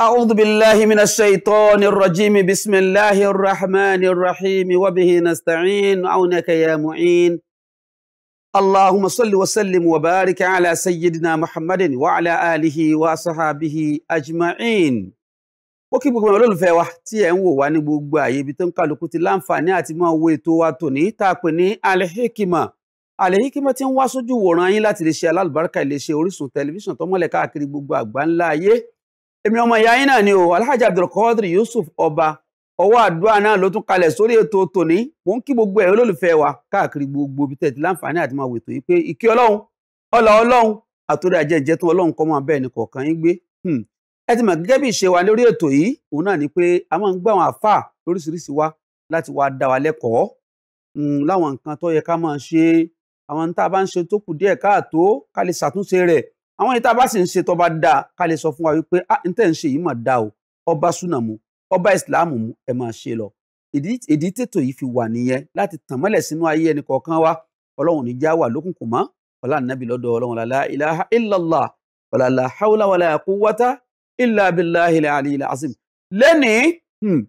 أعوذ بالله من الشيطان الرجيم بسم الله الرحمن الرحيم وبه نستعين عونك يا معين اللهم صل وسلم وبارك على سيدنا محمد وعلى آله وصحابه أجمعين ó kí gbogbo olólùfẹ́ wa tí ẹ̀ ń wò wá ní gbogbo àyè ibi tó ń kálukú ti láǹfààní àti máa wo ètò wa tòní tá a pè ní alehikima alehikima tí ń wá sójú wòran yín láti lè ṣe alálùbáríkà iléeṣẹ́ Orísun tẹlifíṣàn tó mọ́lẹ̀ káàkiri gbogbo àgbáńlá ayé èmi ọmọ ìyá yín náà ni o alhaji abdulkadir yusuf ọba ọwọ́ àdúrà náà ló tún kalẹ̀ sórí ètò tòní mò ń kí gbogbo ẹ̀ olólùfẹ́ wa káàkiri gbogbo ibi tẹ̀tí láǹfààní àti máa wètò yìí pé ìkí ọlọ́run ọlà ọlọ́run àtòrí àjẹjẹ tó ọlọ́run kọ́ máa bẹ́ẹ̀ ni kọ̀ọ̀kan yín gbé hmm. ẹ ti mọ̀ gẹ́gẹ́ bí ìṣe wa lórí ètò yìí òun náà ni pé a máa ń gbé àwọn àfáà lóríṣiríṣi wa láti wá dá wa lẹ́kọ̀ọ́ hmm, láwọn nǹkan tó yẹ ká máa ṣe àwọn tá a bá ń ṣe tó kù díẹ̀ káàtó ká lè ṣàtúnṣe rẹ̀ àwọn ẹni tá a bá sì ń ṣe tọba dáa ká lè sọ fún wa wípé ah n tẹ́ ń ṣe yìí mà dáa o ọba súnà mu ọba ìsìláàmù mu ẹ máa ṣe lọ ìdí tètò yìí fi wà nìyẹn láti tàn mọ́lẹ̀ sínú ayé ẹnì kọ̀ọ̀kan wa ọlọ́run ní já wà lókùnkùn mọ́ ọlá nàbì lọ́dọ̀ ọlọ́run lálá ilaha illallah ọ̀làlá haúlá wàlá quwwata illa billahi aliyil azim lẹ́nìí hmm,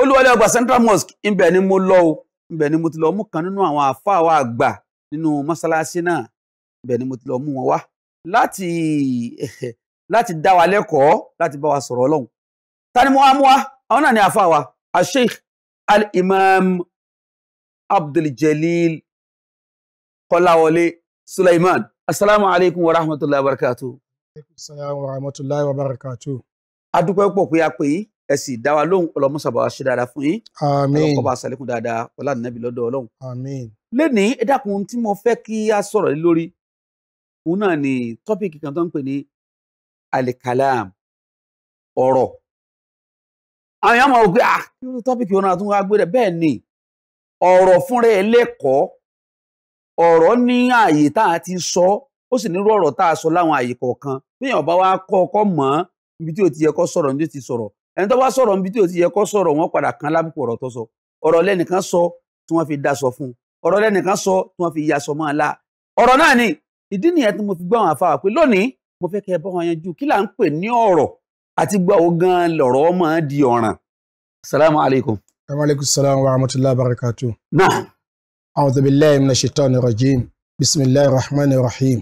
olúwalẹ̀ ọgbà central mosque ibẹ̀ ni mo lọ o ibẹ̀ ni mo ti lọ mú kan nínú àwọn àfáà wa àgbà nínú mọ́ṣáláṣí náà ibẹ̀ ni mo ti lọ mú wọn wá láti láti dá wa lẹ́kọ̀ọ́ láti bá wa sọ̀rọ̀ ọlọ́run ta ni mo wá mú wa àwọn náà ni àfa wa asheikh al-imam abduljalil kọ́láwọlé suleiman asalaamu alaykum wa rahmatulahi wa barakatu. asalaamu wa rahmatulahi wa barakatu. adúpẹ́ pọ̀ pé a pè yín ẹ sì dá wa lóhùn ọlọmọsàbà ṣe dáadáa fún yín àmín ọlọmọkọba àṣàlékún dáadáa ọlànàbí lọ́dọ̀ ọlọ́run àmín lẹni ẹ dákun tí mo fẹ́ kí a sọ̀rọ̀ lórí òun náà ni tọ́pìkì kan tó ń pè ní alikalam ọ̀rọ̀ àwọn èèyàn máa wò pé ah irú tọ́pìkì wọn náà tún wá gbé bẹ́ẹ̀ ni ọ̀rọ̀ fúnra ẹ̀ lẹ́kọ̀ọ́ ọ̀rọ̀ ní ààyè tá a ti sọ ó sì nírú ọ̀rọ̀ tá a sọ láwọn ààyè kọ̀ọ̀kan bíyàn bá wá kọ́ ọkọ́ mọ́ ibi tí o ti yẹ kó sọ̀rọ̀ níbi tí o ti sọ̀rọ̀ ẹni tó bá sọ̀rọ̀ níbi tí o ti yẹ kó sọ̀rọ̀ wọ́n padà kan lábùkù ọ̀rọ̀ tó sọ ọ̀rọ̀ lẹ́nìkan sọ tí wọ́n fi daṣọ fún ọ̀rọ̀ lẹ́nìkan sọ tí wọ́n fi yaṣọ mọ́ ọ la ọ̀rọ̀ náà ni ìdí nìyẹn tí mo fi gbọ́ àwọn àfàwà pé lónìí mo fẹ́ kẹ́ ẹ bá wọn yanjú kí là ń pè ní ọ̀rọ̀ àti gbà ó gan lọ̀rọ̀ ọmọ di ọ̀ràn. salamu alaykum. aleykum salaam wa rahmatulahi wa barakatu. náà. a'udhu billahi minash shaitani rajim bisimilahi rahman rahim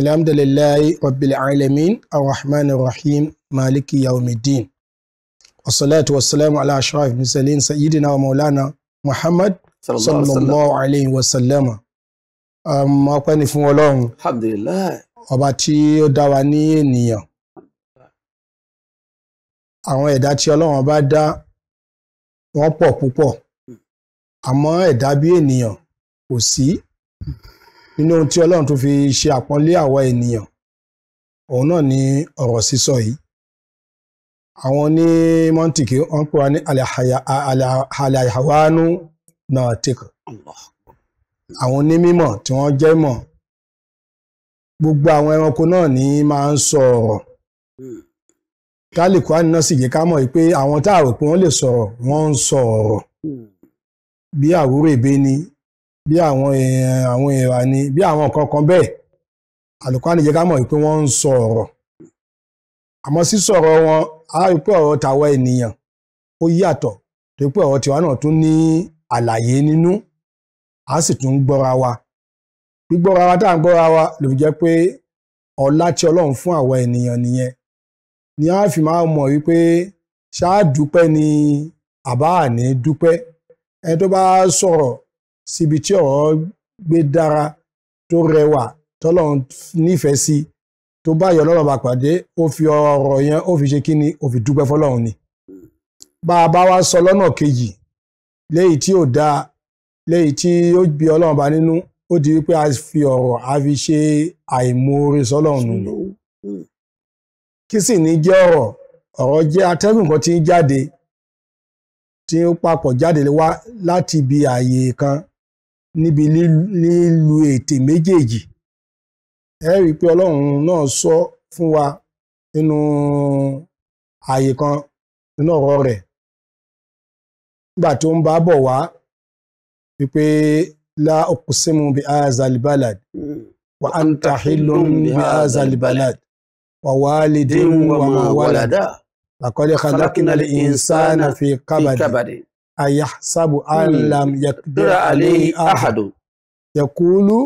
alhamdulilayi rabbil alamin arrahman rahim maliki yaumidin wasalaatu wasalaamu ala ashraf musalin wa maulana muhammad sallallahu alayhi wa sallama ọpẹ́ ni fún ọlọ́run ọba tí ó dá wa ní ènìyàn àwọn ẹ̀dá tí ọlọ́run bá dá wọ́n pọ̀ púpọ̀ àmọ́ ẹ̀dá bí ènìyàn kò sí nínú ohun tí ọlọ́run tó fi ṣe àpọ́nlé àwa ènìyàn òun náà ni ọ̀rọ̀ sísọ yìí àwọn oní mọ́ntìkì wọ́n pè wá ní alàhàwánú náà tẹ̀kọ̀ àwọn onímọ̀ tí wọ́n jẹ́ mọ̀ gbogbo àwọn ẹranko náà ní máa ń sọ ọ̀rọ̀ hmm. kálíkù àníná sì yẹ ká mọ̀ pé àwọn tá a rò pé wọ́n lè sọ̀rọ̀ wọ́n ń sọ ọ̀rọ̀ hmm. bí àwúrò èbé ni bí àwọn àwọn èèrà ni bí àwọn kankan bẹ́ẹ̀ àlùkò àníyẹ ká mọ̀ pé wọ́n ń sọ ọ̀rọ̀ àmọ́ sísọ̀rọ̀ wọn á pé ọ̀rọ̀ tàwa ènìyàn ó yàtọ̀ tó pé ọ̀rọ̀ tiwa náà tún ní àlàyé nínú a sì tún ń gbọ́ra wa gbígbọ́ra wa tá à ń gbọ́ra wa ló fi jẹ́ pé ọlá tí ọlọ́run fún àwa ènìyàn nìyẹn ni a fi máa mọ̀ wípé ṣáà ni àbá àní dúpẹ́ ẹni tó bá sọ̀rọ̀ síbi tí ọ̀rọ̀ gbé dára tó rẹwà tọ́lọ́run nífẹ̀ẹ́ sí tó bá yọ bá pàdé ó fi ọ̀rọ̀ yẹn ó fi ṣe kí ni ó fi dúpẹ́ fọlọ́run ni bá a bá wa sọ lọ́nà kejì léyìí tí ò dáa lẹ́yìn tí ó bí ọlọ́run bá nínú ó di wípé a fi ọ̀rọ̀ a fi ṣe àìmoore sọ́lọ́run nù hmm. kí sì ní jẹ́ ọ̀rọ̀ ọ̀rọ̀ jẹ́ atẹ́gùn kan tí ń jáde tí ó papọ̀ jáde wá láti ibi ààyè kan níbi lílu ètè méjèèjì ẹ rí i pé ọlọ́run náà sọ fún wa nínú ààyè kan nínú ọ̀rọ̀ rẹ̀ nígbà tó ń bá bọ̀ wá wípé la uqsimu bi azal balad wa anta hilun bi azal balad wa walidin wa ma walada laqad khalaqna al insana fi kabadi ayahsabu an hmm. lam yaqdir alayhi ahadu yakulu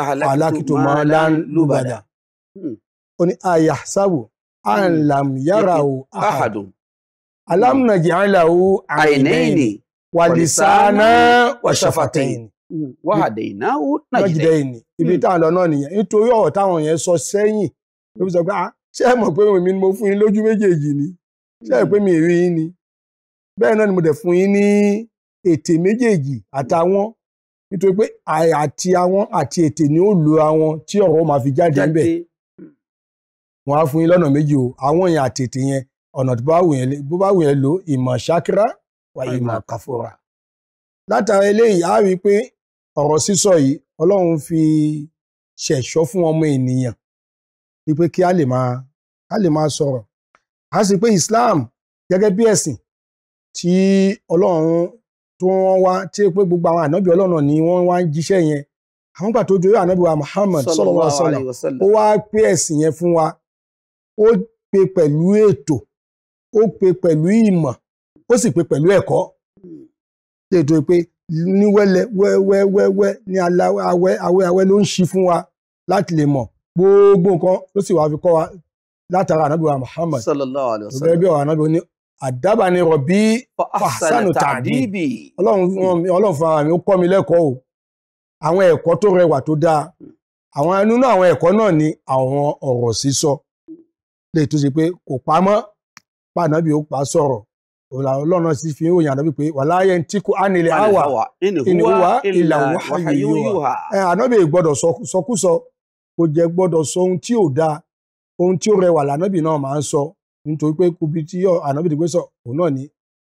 ahlaktu malan lubada ó hmm. ní ayahsabu an hmm. lam yarahu ahadu alam naj'alahu aynayni. Walisana wàṣàfàtẹ̀yìn. wàhàdẹ ìnáwó nàjìdẹyìn. ibi tá à ń lọ náà nìyẹn nítorí ọ̀rọ̀ táwọn yẹn sọ sẹ́yìn ló fi sọ pé ah, ṣé ẹ mi ni mo fún yín lójú méjèèjì ni ṣé ẹ mm. pé mi rí yín ni bẹ́ẹ̀ náà ni mo dẹ̀ fún yín ní ètè méjèèjì àtàwọn nítorí pé àti àwọn àti ètè ni ó lu àwọn tí ọ̀rọ̀ máa fi jáde ńbẹ̀ wọ́n á fún yín lọ́nà méjì o àwọn yẹn àtètè yẹn ọ̀nà tó bá wù yẹn lò ìmọ̀ ṣakira wáyé máa káfọ́ra. látara eléyìí a rí i pé ọ̀rọ̀ sísọ yìí ọlọ́run fi ṣẹ̀ṣọ́ fún ọmọ ènìyàn ni pé kí a lè máa a lè máa sọ̀rọ̀ a sì pé Islam gẹ́gẹ́ bí ẹ̀sìn tí ọlọ́run tó wọ́n wá tí pé gbogbo àwọn ànábì ọlọ́run ni wọ́n wá ń jíṣẹ́ yẹn àwọn gbà tó joyè ànábì wa Muhammad sallallahu alaihi wasallam ó wá pé ẹ̀sìn yẹn fún wa ó pè pẹ̀lú ètò ó pè pẹ̀lú ìmọ̀ ó sì pé pẹ̀lú ẹ̀kọ́ lè tó pé ní wẹ́lẹ̀ wẹ́wẹ́wẹ́wẹ́ ní awẹ́ awẹ́ awẹ́ ló ń ṣí fún wa láti lè mọ̀ gbogbo nǹkan ló sì wáá fi kọ́ wa látara ànábì wa Muhammad sallallahu alaihi wasallam gẹ́gẹ́ bí ọ̀rọ̀ ànábì ní àdábà ni rọ̀bí fàṣánù tàdíbì ọlọ́run fún ara mi ó kọ́ mi lẹ́kọ̀ọ́ o àwọn ẹ̀kọ́ tó rẹwà tó dáa àwọn nínú àwọn ẹ̀kọ́ náà ni àwọn ọ̀rọ̀ sísọ lè tó ṣe pé kò pamọ́ pàdánù bí ó pa sọ̀rọ̀ ọlọ́run sì fi òyìn ànábì pé wà láyé ń tí kú ánilẹ̀ àwà ìnìwá ìlà wáyíwá ànábì gbọ́dọ̀ sọkúsọ kò jẹ́ gbọ́dọ̀ sọ ohun tí ò dáa ohun tí ó rẹwà lànábì náà máa ń sọ nítorí pé kubi tí ànábì ti gbé sọ òun náà ni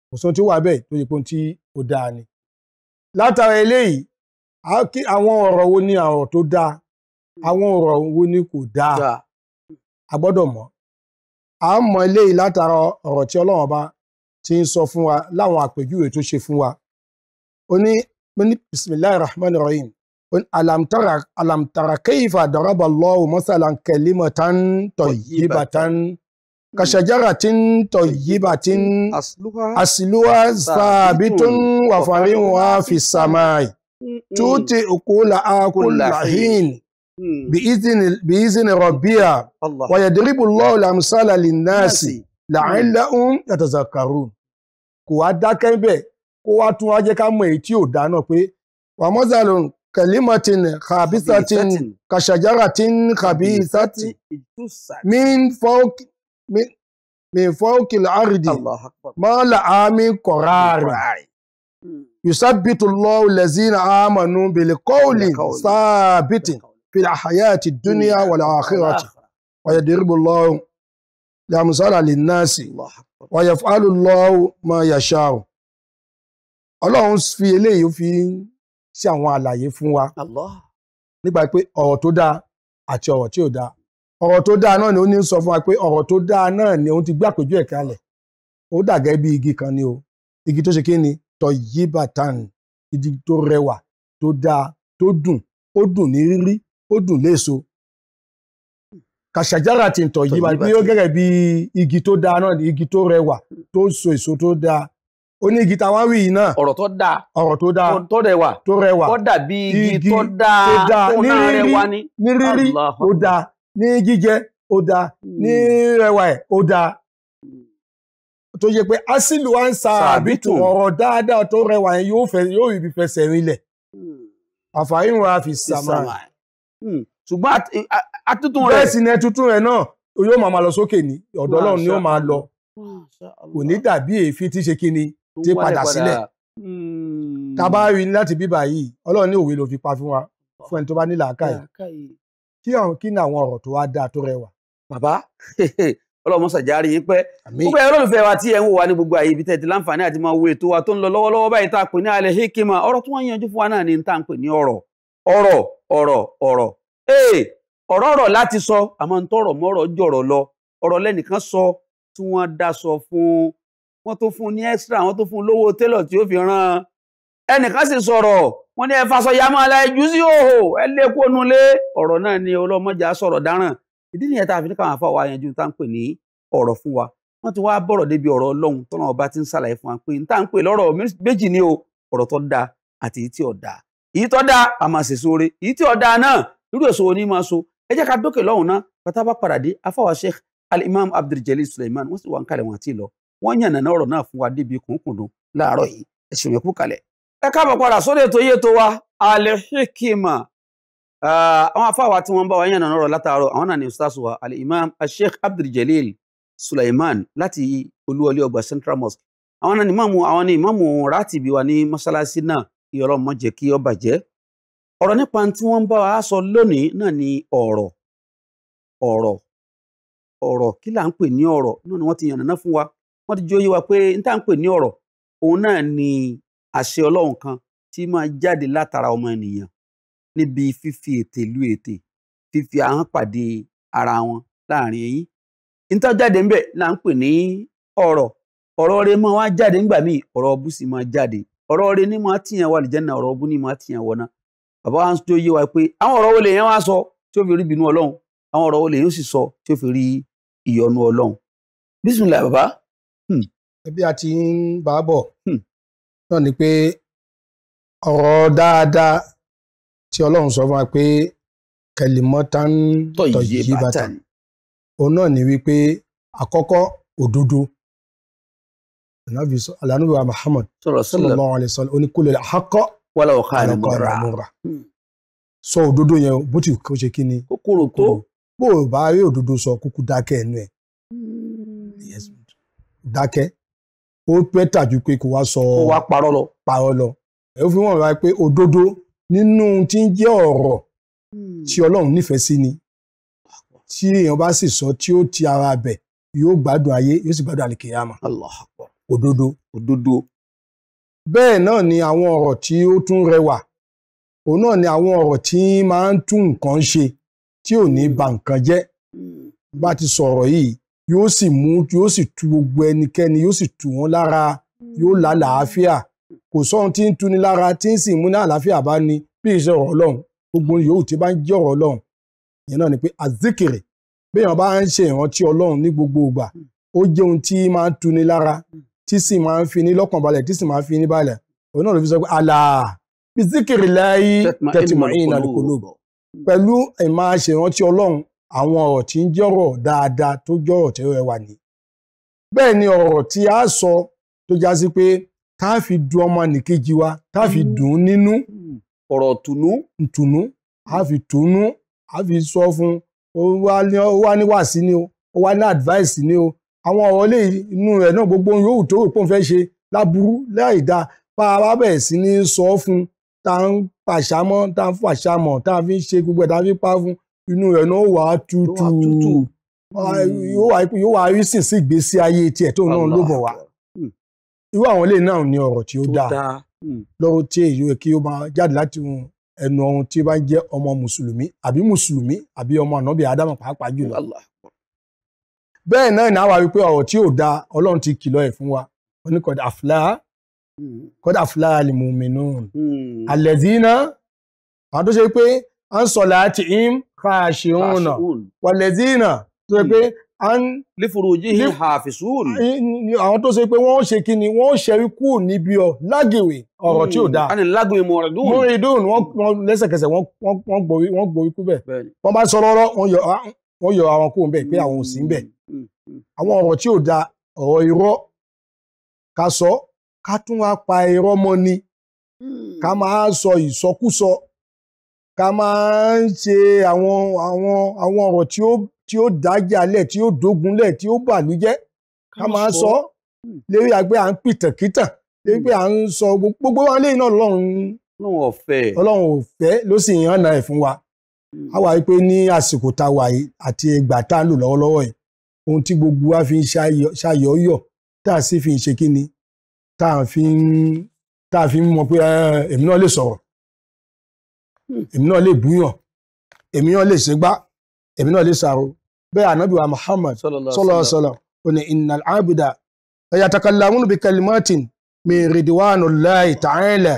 kò sóhun tí ó wà bẹ́ẹ̀ tó yẹ pé ohun tí ó dáa ni. látara eléyìí àwọn ọ̀rọ̀ wo ni ọ̀rọ̀ tó dáa àwọn ọ̀rọ̀ wo ni kò dáa a mọ̀ à ń mọ eléyìí látara ọ̀rọ̀ tí ọlọ́run bá tí ń sọ fún wa láwọn àpèjúwe tó ṣe fún wa ó ní ó ní bisimilahi rahman rahim ó ní alamtara alamtara kayfa daraba Allahu masalan kalimatan tayyibatan kashajaratin tayyibatin asluha sabitun wa fari'uha fis samai tuti ukulaha kulla hin mm. bi'izni bi'izni rabbiha wa yadribu Allahu al nasi la'allahum yatazakkarun kò wá dákẹ́ bẹ̀ kó wá tún wá jẹ́ ká mọ̀ èyí tí ò dáná pé wa mazalun kalimatin khabisatin kashajaratin khabisatin min fawqi min fawqi al-ardi ma laha min qarari hmm. yusabbitu Allahu allazina amanu bil qawli sabitin fil hayati dunya hmm. wal akhirati wa yadribu Allahu làmùsọ́là lè náàsì wàyẹ̀ fàálù lọ́wọ́ mọ yàṣà o ọlọ́run fi eléyìí fi ṣe àwọn àlàyé fún wa nípa pé ọ̀rọ̀ tó dáa àti ọ̀rọ̀ tí ò dáa ọ̀rọ̀ tó dáa náà ni ó ní sọ fún wa pé ọ̀rọ̀ tó dáa náà ni òun ti gbé àpèjú ẹ̀ kalẹ̀ ó dàgẹ́ bí igi kan ni o igi tó ṣe kí ni tọ̀yíbàtàn igi tó rẹwà tó dáa tó dùn ó dùn ní rírí ó dùn léso kàṣàjára ti ń tọ̀ yí ni ó gẹ́gẹ́ bí igi tó da, náà ni igi tó rẹwà tó ń so èso tó da, ó ní igi táwa wí yìí náà ọ̀rọ̀ tó dáa ọ̀rọ̀ tó dáa tó rẹwà tó rẹwà tó dàbí igi tó dáa tó náà rẹwà ní rírí ó dáa ní jíjẹ ó dáa ní hmm. rẹwà ẹ̀ ó dáa hmm. tó yẹ pé asílù wa ń sa àbítù ọ̀rọ̀ dáadáa tó rẹwà yẹn yóò ibi fẹsẹ̀ rinlẹ̀ hmm. àfààní wọn fi sàmà ṣùgbọ́n eh, atútún rẹ̀. bẹ́ẹ̀ sì ni ẹtútún rẹ̀ náà yóò máa lọ sókè ní ọ̀dọ̀ Ọlọ́run ni yóò máa lọ kò ní dàbí èéfín tí ṣe kíni tí padà sílẹ̀ tá hmm. rí láti bíbà yìí Ọlọ́run ní òwe ló fi pa fún wa fún ẹni tó bá ní làákàyè kí kí ni àwọn ọ̀rọ̀ tó wá dáa tó rẹwà. bàbá Ọlọ́run ṣàjárí yín pẹ́ gbogbo ẹ̀rọ olùfẹ́ wa tí ẹ̀ ń wò wá ní gbogbo àyè ibi tẹ́ ti láǹfààní àti máa wo ètò wa tó ń lọ lọ́wọ́lọ́wọ́ báyìí tá a pè ní alẹ́ hikima ọ̀rọ̀ tí wọ́n yanjú fún wa náà ni tá à ń pè ní ọ̀rọ̀ ọ̀rọ̀ ọ̀rọ̀ ọ̀rọ̀ ọ̀rọ̀ ọ̀rọ̀ láti sọ àmọ́ ń tọrọ mọ́rọ̀ jọ̀rọ̀ lọ ọ̀rọ̀ lẹ́nìkan sọ tí wọ́n daṣọ fún wọ́n tó fún ní extra wọ́n tó fún lówó télọ̀ tí ó fi rán ẹnìkan sì sọ̀rọ̀ wọ́n ní ẹ fasọyà máa la ẹjú sí òhò ẹ lé kó nulẹ̀ ọ̀rọ̀ náà ni ọlọ́mọjà sọ̀rọ̀ dáràn ìdí nìyẹn tá a fi ní káwọn afáwa yanjú tá ń pè ní ọ̀rọ̀ fún wa wọ́n ti wá bọ̀rọ̀ débi ọ̀rọ̀ ọlọ́run tọ́nà ọba ti ń ṣàlàyé fún wa pé n tá ń pè lọ́rọ̀ méjì ni o ọ̀rọ̀ tó dáa àti èyí tí ò tó dáa a máa ṣèṣore náà irú èso wo ni máa so ẹ jẹ́ ká dókè lọ́hùn ná pátá bá padà dé afáwa sheikh alimam abduljalil suleiman wọ́n sì wà ń kalẹ̀ wọn àti lọ wọ́n yàn nàná ọ̀rọ̀ náà fún wa débi kùnkùndùn láàárọ̀ yìí ẹ ṣe mẹ́kú kalẹ̀. ẹ káàbọ̀ padà sórí ètò iye tó wa alihikima àwọn afáwa tí wọ́n bá wa yàn nàná ọ̀rọ̀ látàárọ̀ àwọn náà ni ustaz wa alimam sheikh abduljalil suleiman láti olúwọlé ọgbà central mosque àwọn náà ni ìmáàmù àwọn ni ìmáàmù rátìbí wa ní mọ́ṣáláṣí náà ìyọ̀rọ̀ mọ́jẹ́ kí ó bàjẹ́ ọ̀rọ̀ nípa tí wọ́n ń bá wa sọ lónìí náà ni ọ̀rọ̀ ọ̀rọ̀ ọ̀rọ̀ kí là ń pè ní ọ̀rọ̀ náà ni wọ́n ti yànnàná fún wa wọ́n ti jóyè wa pé n tá à ń pè ní ọ̀rọ̀ òun náà ni àṣẹ ọlọ́run kan tí máa jáde ọmọ ènìyàn níbi fífi ètè lu ètè fífi ara wọn láàrin eyín n tó jáde ńbẹ là ń pè ní ọ̀rọ̀ ọ̀rọ̀ wá jáde míì ọ̀rọ̀ ọbú sì máa jáde ọ̀rọ̀ rẹ ní máa tìyàn wà lìjẹ́ náà ọ̀rọ̀ ọbú ní máa tìyàn wọ̀ náà bàbá wa ń tó yé wa pé àwọn ọ̀rọ̀ wo lè yẹn wá sọ tí ó fi rí ìbínú ọlọ́run àwọn ọ̀rọ̀ wo lè yẹn sì sọ tí ó fi rí ìyọ́nú ọlọ́run bísùnlẹ̀ bàbá. Hmm. ẹbí a ti ń bá a bọ̀ hmm. náà ni pé ọ̀rọ̀ dáadáa tí ọlọ́run sọ fún wa pé kalimatan tayyibatan òun náà ni wípé àkọ́kọ́ òdodo ànábì wa Muhammad sallallahu alaihi wasallam oníkúlẹ̀ àkọ́kọ́ wọ́lá ọ̀ká rẹ̀ mọ́ra. sọ òdodo yẹn bó ti kó ṣe kí ni. kókòrò tó. bó o bá rí òdodo sọ kúkú dákẹ́ ẹnu ẹ̀. Hmm. dákẹ́ ó pẹ́ tàjú pé kó wá sọ. kó wá parọ́ lọ. parọ́ lọ. ẹ̀ ó fi wọ́n ra pé òdodo nínú tí ń jẹ́ ọ̀rọ̀ hmm. tí ọlọ́run nífẹ̀ẹ́ sí ni tí èèyàn bá sì sọ tí ó ti ara bẹ̀ yóò gbádùn ayé yóò sì gbádùn àlìkèyàmà. Allah òdodo. òdodo bẹ́ẹ̀ náà ni àwọn ọ̀rọ̀ tí ó tún rẹwà òun náà ni àwọn ọ̀rọ̀ tí máa ń tún nǹkan ṣe tí ò ní ba nǹkan jẹ́ bá ti sọ̀rọ̀ yìí yóò sì mú yóò sì tu gbogbo ẹnikẹ́ni yóò sì tu wọn lára yóò lálàáfíà kò sóhun tí ń tuni lára tí ń sì mú ní àlàáfíà bá ní bí iṣẹ́ ọ̀rọ̀ ọlọ́run gbogbo yòówù tí bá ń jẹ́ ọ̀rọ̀ ọlọ́run ìyẹn náà ni pé azikiri béèyàn bá ń ṣe ìrántí ọlọ́run ní gbogbo ìgbà ó jẹ́ ohun tí máa ń tuni lára tí sì máa ń fi ní lọ́kàn balẹ̀ tí sì máa ń fi ní balẹ̀ òun náà ló fi sọ pé àlà bí zikiri láyé tẹ̀tìmọ̀ yìí náà kò lò bọ̀ pẹ̀lú ìmọ̀ àṣèrántí ọlọ́run àwọn ọ̀rọ̀ tí ń jọ̀rọ̀ dáadáa tó jọ̀rọ̀ tí ó rẹwà bẹ́ẹ̀ ni ọ̀rọ̀ tí a sọ tó já sí pé tá a fi dùn ọmọ nìkejì wa tá a fi dùn nínú ọ̀rọ̀ tùnú tùnú a fi tùnú a fi sọ fún ó wá ní wàásí ni o ó wá ní advice ni o àwọn ọ̀rọ̀ lè inú rẹ̀ náà gbogbo ohun yòówù tó rò pé òun fẹ́ ṣe láburú láì bá a bá bẹ̀rẹ̀ sí ní sọ fún tá ń pàṣámọ́ tá ń fàṣámọ̀ tá fi ń ṣe gbogbo ẹ̀ tá fi ń pa fún inú rẹ̀ náà wà á tutù yóò wá rí sìn sí ìgbésí ayé tiẹ̀ tó náà ló bọ̀ wá hmm. irú àwọn ilé náà ní ọ̀rọ̀ tí ó dáa hmm. lọ́rọ̀ tí èyí rẹ̀ kí ó máa jáde láti ẹnu ọ̀run tí ó bá ń jẹ́ ọmọ mùsùlùmí àbí mùsùlùmí àbí ọmọ ànábì ádámù pàápàá jùlọ bẹ́ẹ̀ náà ní àwa wípé ọ̀rọ̀ tí ò da ọlọ́run ti kìlọ̀ ẹ̀ fún wa ó ní kọ́dà fúlá kọ́dà fúlá alimuminu hmm. alẹ́dínà àwọn tó ṣe pé à ń sọ̀lá àti im khashi'una walẹ́dínà tó ṣe pé à hmm. ń. lifurujihi hafizun. àwọn tó ṣe pé wọ́n ṣe kí ni wọ́n ṣẹ́rí kú níbi ọ lágèwè ọ̀rọ̀ tí ò hmm. da. àni lágèwè mọ̀rẹ̀dún. mọ̀rẹ̀dún wọ́n lẹ́sẹ̀kẹsẹ̀ wọ́n gborí kú bẹ̀. wọ́n bá sọ lọ́rọ́ wọ́n yọ ah, wọ́n yọ àwọn kó ń bẹ̀ pé àwọn ò sí ń bẹ̀ mm, mm, mm. àwọn ọ̀rọ̀ tí ò da ọ̀rọ̀ irọ́ ká sọ ká tún wá pa irọ́ mọ́ ni ká máa sọ ìsọkúsọ ká máa ń ṣe àwọn àwọn àwọn ọ̀rọ̀ tí ó tí ó tí ó dógunlẹ̀ tí ó bàlújẹ́ ká máa sọ lérí àgbẹ̀ à ń pìtàkìtà lérí pé à ń sọ gbogbo wa léyìn náà lọ́run ọlọ́run ò fẹ́ ló sì ń hànà ẹ̀ fún wa. a wà pé ní àsìkò tá a wà yìí àti ìgbà tá a lò lọ́wọ́lọ́wọ́ yìí ohun tí gbogbo wa fi ń ṣayọ̀ọ́yọ̀ tá a sì fi ń ṣe kíni tá a fi ń tá a fi ń mọ pé èmi náà lè sọ̀rọ̀ èmi náà lè búyàn èmi náà lè ṣègbà èmi náà lè sàrò bẹ́ẹ̀ ànábì wa Muhammad sallallahu sallam ó ní innal abida yatakallamun bi kalimatin min ridwanullahi ta'ala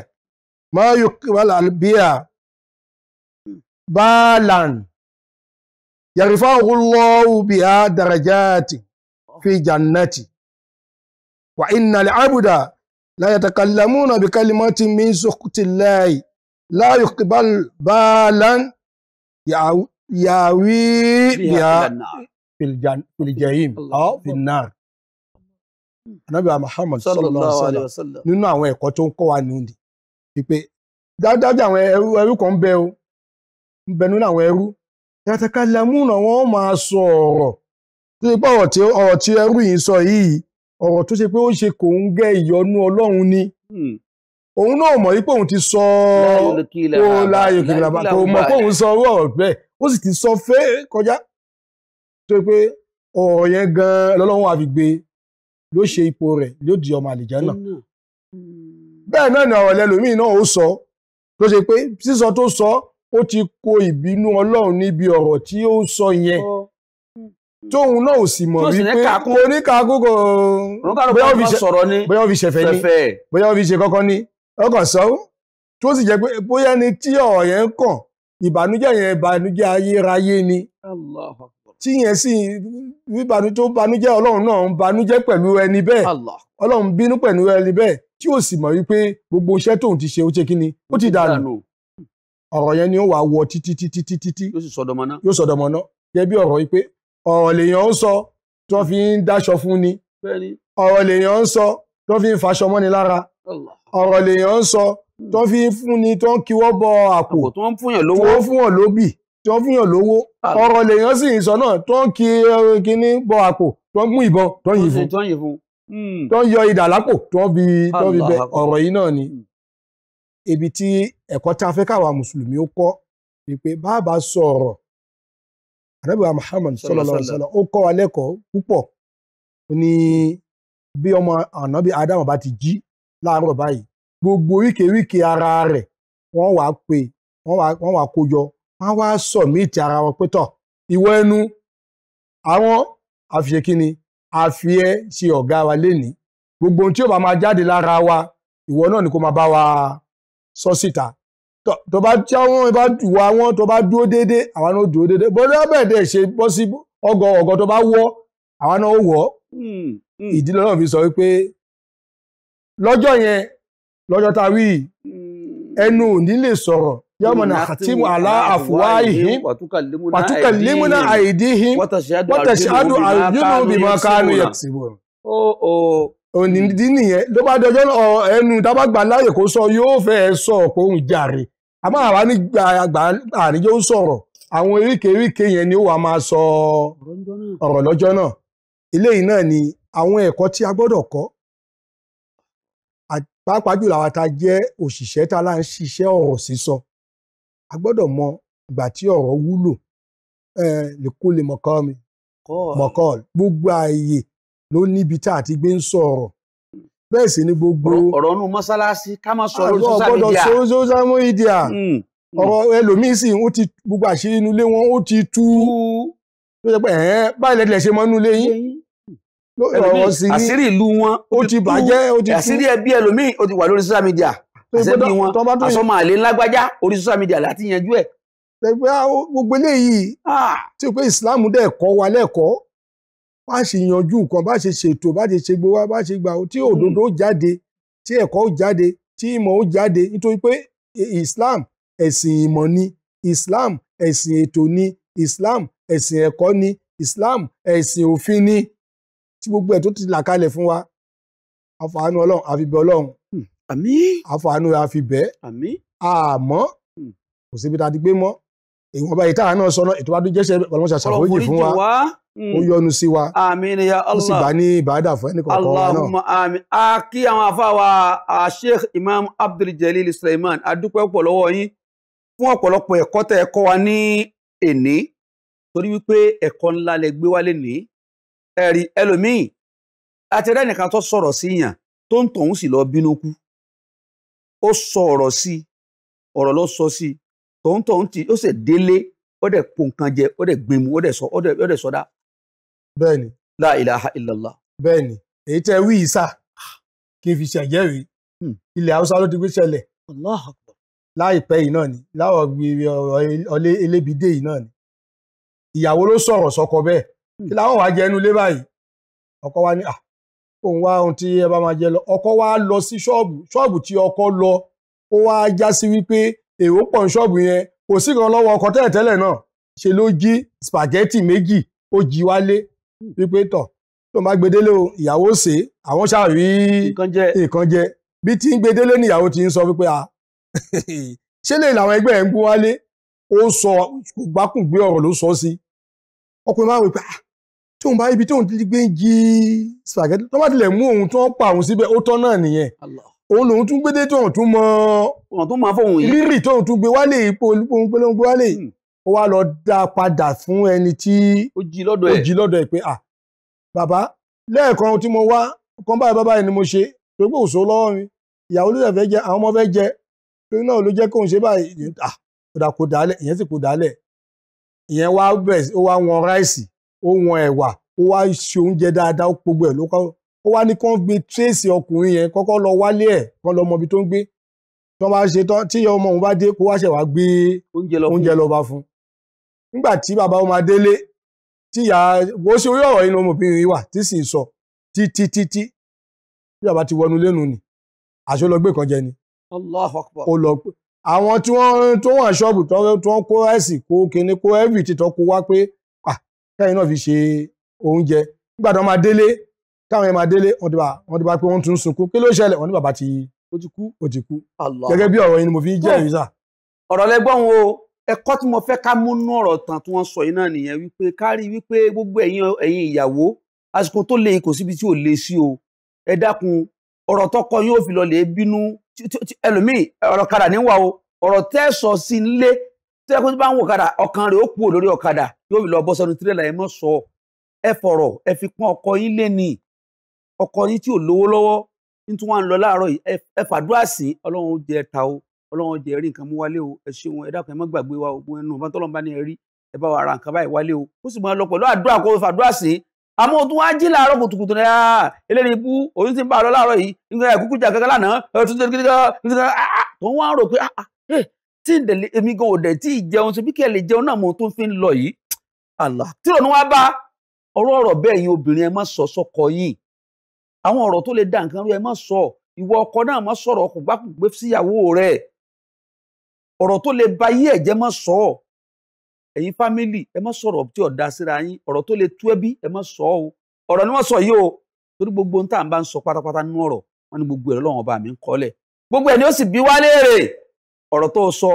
ma yuqbal biha بالا يرفعه الله بها درجات في جنتي وإن العبد لا يتكلمون بكلمة من سخط الله لا يقبل بالا ياوي بها في الجن في الجحيم أو في النار anabi muhammad sallallahu alaihi wasallam nínú àwọn ẹ̀kọ́ tó ń kọ́ wa nìyí pé dájúdájú àwọn ẹrú kan bẹ o bẹnu ní àwọn ẹrú yàtàkàlàmúnà wọn máa sọ ọ̀rọ̀ tó ṣe pé ọ̀rọ̀ tí ẹrú yìí sọ yìí ọ̀rọ̀ tó ṣe pé ó ṣe kò ń gẹ́ ìyọnú ọlọ́run ni hmm. òun náà mọ̀ wípé òun ti sọ ó láàyè kìlàbà kò mọ̀ pé òun sọ ọ̀rọ̀ bẹ́ẹ̀ ó sì ti sọ fẹ́ kọjá tó pé ọ̀rọ̀ yẹn gan lọ́lọ́run àfìgbé ló ṣe ipò rẹ̀ ló di ọmọ àlìjánà bẹ́ẹ̀ náà ni ọ̀rọ̀ lẹ́lòmíì náà ó sọ tó ṣe pé sísọ tó sọ ó ti kó ìbínú ọlọ́run níbi ọ̀rọ̀ tí ó sọ yẹn hmm, hmm. tóun náà ò sì mọ̀ wípé oníkàkú kò bóyá ó fi sọ̀rọ̀ ni bóyá ó fi ṣẹ̀fẹ̀ ni bóyá ó fi ṣe kọ́kọ́ ni ọkàn sọ tó sì jẹ́ pé bóyá ni tí ọ̀rọ̀ yẹn ń kàn ìbànújẹ́ yẹn ìbànújẹ́ ayérayé ni tí yẹn sì ìbànújẹ́ tó banújẹ́ ọlọ́run náà ń banújẹ́ pẹ̀lú ẹni bẹ́ẹ̀ ọlọ́run bínú pẹ̀lú ẹni bẹ́ẹ̀ tí ò sì mọ̀ wípé gbogbo iṣẹ́ tóun ti ṣe ó ṣe kí ni ó ti dànù ọ̀rọ̀ yẹn ni ó wà wọ títí títí títí tí yóò sọdọmọná yóò sọdọmọná yẹ bí ọ̀rọ̀ yìí pé ọ̀rọ̀ lèèyàn ń sọ tó fi ń dáṣọ fún ni ọ̀rọ̀ lèèyàn ń sọ tó fi ń faṣọ mọ́ni lára ọ̀rọ̀ lèèyàn ń sọ tó fi ń fún ni tó ń kíwọ́ bọ àpò tó ń fún yàn lówó tó ń fún yàn lóbì tó ń fún yàn lówó ọ̀rọ̀ lèèyàn sì ń sọ náà tó ń kí kíní bọ àpò tó ń mú ìbọn tó ń yìn tó ń yọ idà tó ń fi bẹ ọ̀rọ̀ yìí náà ni ibi tí ẹ̀kọ́ tá a fẹ́ káwa mùsùlùmí ó kọ́ ni pé bá a bá sọ̀rọ̀ Muhammad sallallahu alaihi wasallam ó kọ́ wa lẹ́kọ̀ọ́ púpọ̀ ó ní bí ọmọ ànábì Ádámù bá ti jí láàárọ̀ báyìí gbogbo wíkèwíkè ara rẹ̀ wọ́n wàá pè wọ́n wàá kójọ wọ́n wá sọ míìtì ara wọn pé tọ̀ ìwọ ẹnu àwọn àfìṣekínni àfiẹ́ ṣe ọ̀gá wa lénìí gbogbo ohun tí ó bá máa jáde lára wa ìwọ náà ni kó máa bá wa sọ síta tó bá tí àwọn bá wà wọn tó bá dúró déédé àwọn náà dúró déédé bọ́dọ̀ bẹ́ẹ̀ dẹ̀ ṣe bọ́ sí ọgọ ọgọ tó bá wọ́ àwọn náà wọ́ ìdílé náà fi sọ wípé lọ́jọ́ yẹn lọ́jọ́ ta wí hmm. ẹnu ò ní lè sọ̀rọ̀ yọmọ na àtìmù àlá àfùwá ìhín pàtúkà límúná àìdí ìhín wọ́tẹ̀ṣẹ́ àdùn àyùnú bí máa káánú yẹ. òní nìyẹn ló bá dọjọ́ ẹnu tábàgbà láyè kó sọ yóò fẹ́ sọ òun jàre àmọ́ àwa ní àgbà àníjẹ́ ó sọ̀rọ̀ àwọn eríkèéríkèé yẹn ni ó wà máa sọ ọ̀rọ̀ lọ́jọ́ náà eléyìí náà ni àwọn ẹ̀kọ́ tí a gbọ́dọ̀ kọ́ pàápàá jùlọ àwa tá a jẹ́ òṣìṣẹ́ tá a lá ń ṣiṣẹ́ ọ̀rọ̀ sísọ a gbọ́dọ̀ mọ ìgbà tí ọ̀rọ̀ wúlò lèkúlè mọ̀kọ́ mi mọ̀kọ́ gbogbo ààyè ló níbi tá a ti gbé ń sọ̀rọ̀ bẹ́ẹ̀ sì ni gbogbo ọ̀rọ̀ nù mọ́sálásí ká má sọ lórí social media ọgbọ́dọ̀ social media ọ̀rọ̀ ẹlòmíín sì ó ti gbogbo àṣírí inú ilé wọn ó ti tú ló jẹ́ pé ẹ̀ẹ́n báyìí lẹ́tìlẹ̀ ṣe mọ́ inú ilé yín ọ̀rọ̀ sí ní àṣírí ìlú wọn ó ti bàjẹ́ ó ti tú àṣírí ẹbí ẹlòmíín ó ti wà lórí social media àṣẹbí wọn àsọmọ àlè lágbájá orí social media láti yanjú ẹ̀. gbogbo eléyìí ah. tí o pé ìsìláàmù dẹ̀ kọ́ wa lẹ́kọ̀ọ́ bá ṣe yanjú nǹkan bá ṣe ṣètò bá ṣe ṣe gbowó bá ṣe gbà tí òdodo hmm. jáde tí ẹ̀kọ́ jáde tí ìmọ̀ ó jáde nítorí pé Islam ẹ̀sìn ìmọ̀ ni Islam ẹ̀sìn ètò ni Islam ẹ̀sìn ẹ̀kọ́ ni Islam ẹ̀sìn òfin ni tí gbogbo ẹ̀ tó ti là kalẹ̀ fún wa àfààní Ọlọ́run àfibẹ̀ Ọlọ́run hmm. àmín àfààní àfibẹ̀ àmín àmọ́ hmm. kò síbi tá a ti gbé mọ́ ìwọ̀nba ìta àánú ọ̀sán náà ètò bá dé jẹ́sẹ̀ ọlọ́mọṣà ṣàforíjì fún wa ó mm. yọ́nú sí wa àmín ya Allah ó sì gbà ní ìbádà fún ẹnì kọ̀ọ̀kan wa náà. a kí àwọn afáwa Sheikh Imam Abdul Jalil Suleiman adúpẹ́ pọ̀ lọ́wọ́ yín fún ọ̀pọ̀lọpọ̀ ẹ̀kọ́ tẹ́ ẹ kọ́ wa ní èní torí wípé ẹ̀kọ́ ńlá lẹ gbé wálé ní ẹ̀rí ẹlòmíì àti ẹ̀rẹ́ nìkan tó sọ̀rọ̀ sí yàn tó ń tọ̀hún sì lọ bínú kú ó sọ ọ̀rọ̀ sí ọ̀rọ̀ ló sọ sí tọ̀hún tọ̀hún tí ó sì délé ó dẹ̀ pò nǹkan jẹ ó dẹ̀ gbẹ̀mú ó dẹ̀ sọdá bẹ́ẹ̀ni. la ilaha illallah. bẹ́ẹ̀ni èyí tẹ wí yìí sà kí n fi ṣàjẹ́rìí hmm. ilẹ̀ haúsá ló ti gbé ṣẹlẹ̀ láìpẹ́ yìí náà ni láwọ̀ gbèrè ọ̀rọ̀ elébídé yìí náà ni ìyàwó ló sọ̀rọ̀ sọkọ bẹ́ẹ̀ hmm. kí láwọn wàá jẹ ẹnu ilé báyìí ọkọ wa ní à òun wá ohun tí ẹ bá máa jẹ lọ ọkọ wa lọ sí ṣọ́ọ̀bù ṣọ́ọ̀bù tí ọkọ lọ ó wá já sí wípé èrò pọ̀ ní ṣọ́ọ̀bù yẹn kò sí kan lọ́wọ́ ọkọ tẹ́lẹ̀tẹ́lẹ̀ náà ṣe ló jí spaghetti méjì ó jí wálé wípé tọ̀ tó máa gbedele o ìyàwó ṣe àwọn ṣàrí nǹkan jẹ bí tí ń gbedele ni ìyàwó ti ń sọ wípé a ṣé lè làwọn ẹgbẹ́ ẹ̀ ń gbó wálé ó sọ gbákùngbé ọ̀rọ̀ ló sọ sí ọkùnrin máa ń wípé a tí òun bá ibi tí òun ti gbé ń jí spaghetti tó bá tilẹ̀ mú òun tó ń pa òun síbẹ̀ ó tán náà nìyẹn òun lòun tún gbédé tóun tún mọ rírì tóun tún gbé wálé ipò olùkóhun ó wá lọ dá padà fún ẹni tí ó jí lọ́dọ̀ ẹ̀ ó jí lọ́dọ̀ ẹ̀ pé à bàbá lẹ́ẹ̀kan tí mo wá kan báyìí bàbá yìí ni mo ṣe torí pé òṣòwò lọ́wọ́ mi ìyàwó ló fẹ́ jẹ àwọn ọmọ fẹ́ jẹ torí náà ló jẹ́ kóun ṣe báyìí à kódà kó dálẹ̀ ìyẹn sì kó dálẹ̀ ìyẹn wá bẹ̀rẹ̀ ó wá wọn ráìsì ó wọn ẹ̀wà ó wá ṣe oúnjẹ dáadáa ó gbogbo ẹ̀ ló kọ́ ó wá ní kán gbé tírèsì ọkùnrin yẹn kọ́kọ́ lọ wálé ẹ̀ kán lọ mọ tó ń gbé tí wọ́n bá ṣe tán tí ọmọ òun bá dé kó wá ṣẹ̀ gbé oúnjẹ lọ fún un nígbà tí bàbá wọn máa délé tí ìyá wo ṣe orí ọ̀rọ̀ inú ọmọbìnrin wà tí sì ń sọ títí títí tí bàbá ti wọnú lẹ́nu ni àṣọ lọ gbé kan jẹ ni. Akbar. ó lọ pé àwọn tí wọ́n tó wà ṣọ́ọ̀bù tó wọ́n kó ẹ̀sì kó kinní kó ẹ̀rì títọ́ kó wá pé kẹ́yìn náà fi ṣe oúnjẹ nígbà tí wọ́n máa délé táwọn yẹn máa délé wọ́n ti bá pé wọ́n tún sunkún kí ló ṣẹlẹ̀ wọ́n ní bàbá ti kú gẹ́gẹ́ bí ọ̀rọ̀ yìí ni mo fi jẹ́ ìrísà. ọ̀rọ̀ lẹ́gbọ́n o ẹ̀kọ́ tí mo fẹ́ ká múnú ọ̀rọ̀ tán tí wọ́n sọ yìí náà nìyẹn wípé kárí wípé gbogbo ẹ̀yin ẹ̀yin ìyàwó àsìkò tó le kò síbi tí ò le sí o ẹ dákun ọ̀rọ̀ tọkọ yóò fi lọ lè bínú ẹlòmíì ọ̀rọ̀ kadà níwà o ọ̀rọ̀ tẹ́ sọ sí nílé tẹ́ kó tí bá ń wò kadà ọkàn rẹ̀ ó kú lórí ọ̀kadà yóò fi lọ bọ́ sẹ́nu tírélà ẹ mọ́ sọ ẹ fọ̀rọ̀ ẹ fi pọ́n ọkọ yín lé ní ọkọ yín tí ò lówó lọ́wọ́ nítorí wọn lọ láàárọ̀ yìí ẹ fàdúrà sí ọlọ́run ó ta o ọlọ́run jẹ́ rí nǹkan mú wálé o ẹ ṣeun ẹ dákun ẹ má gbàgbé wa ogun ẹnu ọba tọ́lọ́mbá ni ẹ rí ẹ bá wa ra nǹkan báyìí wálé o ó sì máa lọ pẹ̀lú àdúrà kó fàdúrà sí i àmọ́ o tún wá jí làárọ̀ kùtùkùtù náà eléyìí ibú òun ti ń bá ọ láàárọ̀ yìí nígbà ìkúkú jà kankan lánàá ẹ tún tẹ kíkà kíkà tó ń wá rò pé ah, ah, eh, tí ìdẹ̀lẹ̀ èmi gan ò dẹ̀ tí ì jẹun ṣe bí kẹ́ ẹ lè jẹun náà mo tún fi ń lọ yìí àlà àwọn ọ̀rọ̀ tó lè dá nǹkan rú ẹ má sọ ìwọ ọkọ náà má sọ̀rọ̀ ọkọ gbákùn síyàwó rẹ̀ ọ̀rọ̀ tó lè ba yí ẹ̀jẹ̀ mọ́ sọ ọ́ ẹ̀yin fámìlì ẹ má sọ̀rọ̀ tí ò da síra yín ọ̀rọ̀ tó lè tú ẹbí ẹ má sọ ọ́ ọ̀rọ̀ ni wọ́n sọ yìí o torí gbogbo ohun tá à ń bá ń sọ pátápátá nínú ọ̀rọ̀ wọn ni gbogbo ẹ̀rọ lọ́wọ́n ọba mi ń kọ́lẹ̀ gbogbo ẹ̀ ni ó sì bí wá léèrè ọ̀rọ̀ tó sọ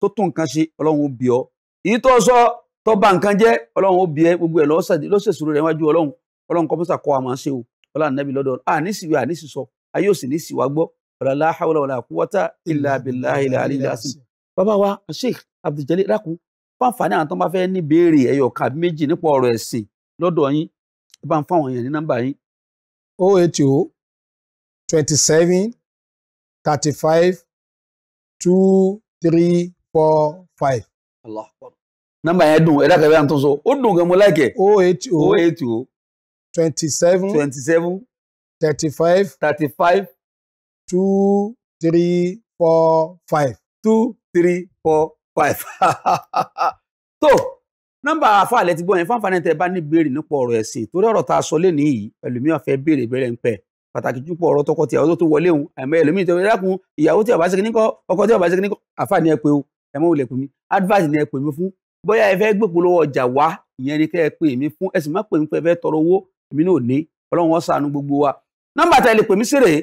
tó tún nǹkan ṣe ọlọ́run ó bí ọ èyí tó sọ tó bà nǹkan jẹ́ ọlọ́run ó bí ẹ gbogbo ẹ̀ lọ́sẹ̀sùrù rẹ̀ wájú ọlọ́run ọlọ́run kọ́mọ́sà kọ́ àmọ́ ṣe o ọlọ́run nẹ́bí lọ́dọ̀ àníṣìwé àníṣìsọ ayé òsì ní gbọ́ ọ̀làlá hàwọ́lá wàlá quwwata illa billahi ilà àlìlá sí bàbá wa Sheikh abdul raku dákun fáǹfààní àwọn tó bá fẹ́ ní béèrè ẹyọ kan àbí méjì nípa ọ̀rọ̀ ẹ̀sìn lọ́dọ̀ yín ẹ bá ń fáwọn èèyàn ní nọ́mbà yín. o oh eight o oh, twenty seven thirty five two three four five. nọ́mbà yẹn dùn ẹ dákẹ́ bí wọ́n tún sọ ó dùn gan mo o oh eight o o eight o twenty seven twenty seven thirty five thirty five two three four five two three four five. tó nọ́mbà àfàlẹ́ ti gbọ́ yẹn fáńfààní tẹ́ bá ní béèrè nípa ọ̀rọ̀ ẹ̀sìn torí ọ̀rọ̀ tá a sọ lénìí yìí ẹlòmíràn fẹ́ béèrè béèrè ń pẹ́ pàtàkì jù pọ̀ ọ̀rọ̀ tọkọ tí àwọn tó wọlé òun àmọ́ ẹlòmíràn tẹ̀wé dákun ìyàwó tí ọ̀bá sẹ́kìnní kọ́ ọkọ tí ọ̀bá sẹ́kìnní kọ́ àfààní ẹ pé o ẹ mọ́ wulẹ̀ pè mí advert ni ẹ pè mí fún bóyá ẹ fẹ́ gbèpolówó ọjà wá ìyẹn ni kẹ́ ẹ pè mí fún ẹ sì má pè mí pé ẹ fẹ́ tọrọ owó èmi náà ní ọlọ́run wọn ṣàánú gbogbo wa nọ́mbà tá ẹ lè pè mí sí rèé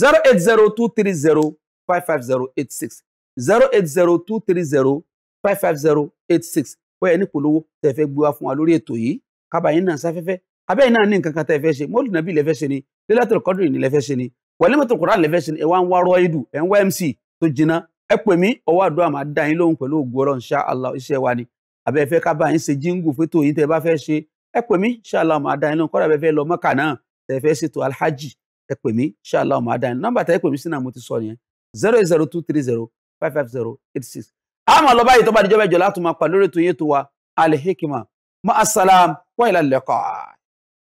zero eight zero two three zero five five zero eight six zero eight zero two three zero five five zero eight six bóyá ní polówó tẹ́ fẹ́ gbé wá fún wa lórí ètò yìí kábàáyín náà sáfẹ́fẹ́ abẹ́yìn náà ní nǹkan kan tẹ́ fẹ́ ṣe mọ́lù nàbí lẹ́fẹ́ ṣe ni lẹ́lẹ́tọ̀ kọ́dùrì ní lẹ́fẹ́ ṣe ni wọlémọ̀tò kùrán lẹ́fẹ́ ṣe ni ẹ̀ wá ń wá rọ́ ìdù ẹ̀ ń wá mc tó jiná ẹ pè mí ọwọ́ àdúrà máa dá yín lóhùn pẹ̀lú ògùn ọlọ́run ṣá Allah iṣẹ́ wa ni àbẹ́ fẹ́ ká bá yín ṣe jíǹgù fẹ́tò yín tẹ́ bá fẹ́ ṣe ẹ pè mí ṣá Allah máa dá yín lóhùn kọ́dà bẹ́ fẹ́ lọ Mọ́kà náà tẹ́ fẹ́ ṣètò alhaji ẹ pè mí ṣá Allah máa dá yín nọ́mbà tẹ́ ẹ pè mí sínú àmọ́ ti sọ nìyẹn zero eight zero two three zero five five zero eight six. a máa lọ báyìí tó bá dijọ́ bẹ́ẹ̀ láti máa pàdé lórí ètò yẹn tó wa Al Hikmat ma wa ilal liqa.